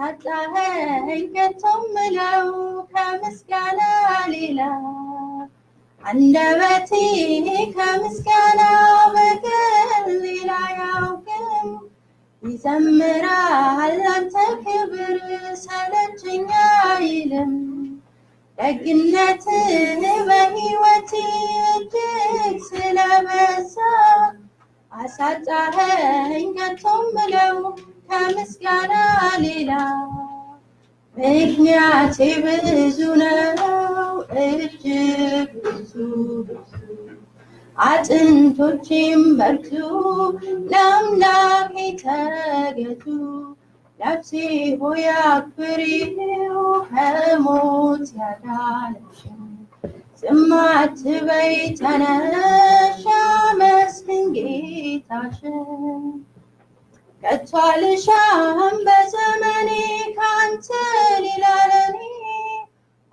ሳጣኸኝ ከቶም ምለው ከምስጋና ሌላ አንደበቴ ከምስጋና በቀር ሌላ ያውቅም ይዘምራል አንተ ክብር ሰለቸኛ አይልም። ደግነት በሕይወቴ እጅግ ስለበዛ አሳጣኸኝ ከቶም ምለው ከምስጋና ሌላ ምክንያቴ ብዙ ነው እጅግ ብዙ አጥንቶቼም በርቱ ለአምላኬ ተገዙ። ነፍሴ ሆይ አክብሪው ከሞት ያዳነሽን ዝም አትበይ ተነሽ አመስግኝ ጌታሽን። ከቶ አልሻም በዘመኔ ካንተ ሌላ ለኔ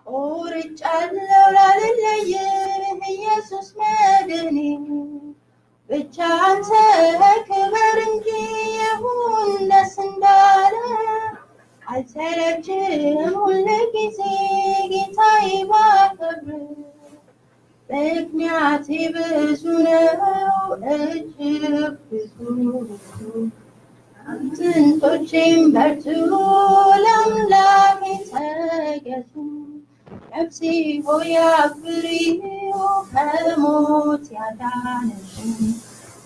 ቆርጫለሁ ላልለይ ኢየሱስ መድኔ ብቻ አንተ ክበር እንጂ የሁን ደስ እንዳለ አልሰለችም ሁል ጊዜ ጌታዬ ባከብር ምክንያቴ ብዙ ነው እጅግ ብዙ አጥንቶቼም በርትሎ ለአምላኬ ተገዙ። ነፍሴ ሆይ አክብሪው ከሞት ያዳነሽን።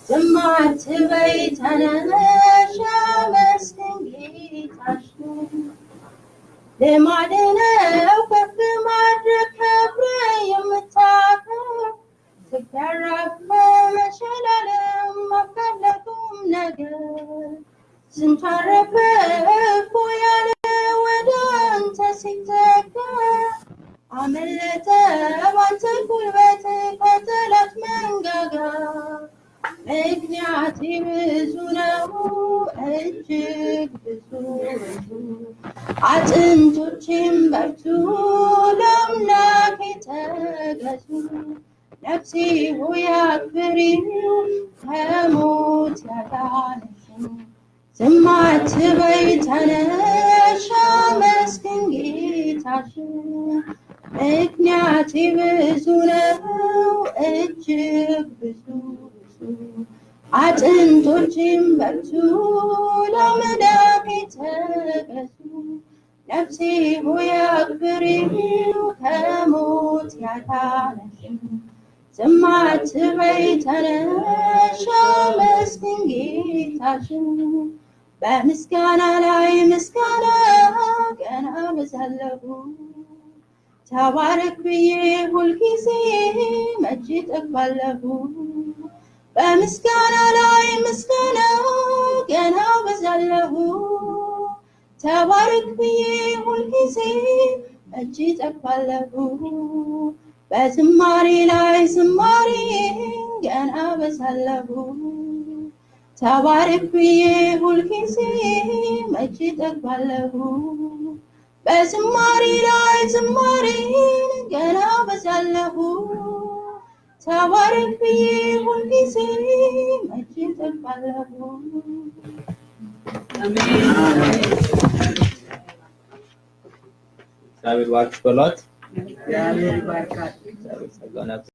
ዝም አትበይ ተነሽ አመስግኝ ጌታሽን። ልማድነ ስንታረፈ እፎ ያለ ወደ አንተ ሲዘጋ አመለጠ ባንተ ጉልበት ከጠላት መንጋጋ። ምክንያት ብዙ ነው እጅግ ብዙ አጥንቶችም በርቱ ለአምላክ ተገዙ። ነፍሴ ሆይ አክብሪው ከሞት ያዳነሽን ዝም አትበይ ተነሽ ጌታሽን። ምክንያቴ ብዙ ነው እጅግ ብዙ አጥንቶችም በርቱ ለመዳን ተገዙ። ነፍሴ ሆይ አክብሪው ከሞት ያዳነሽን። ዝም አትበይ ተነሽ ጌታሽን በምስጋና ላይ ምስጋና ቀና ብዛለሁ ተባረክ ብዬ ሁልጊዜ መቼ ጠግባለሁ። በምስጋና ላይ ምስጋና ገና በዛለሁ ተባረክ ብዬ ሁልጊዜ መቼ ጠግባለሁ። በዝማሬ ላይ ዝማሬ ገና በዛለሁ ተባረክ ብዬ ሁልጊዜ መቼ ጠግባለሁ በዝማሬ ላይ ዝማሬ ገና በዛለሁ ተባረክ ብዬ ሁልጊዜ መቼ ጠግባለሁ። እግዚአብሔር ባርክ በሏት።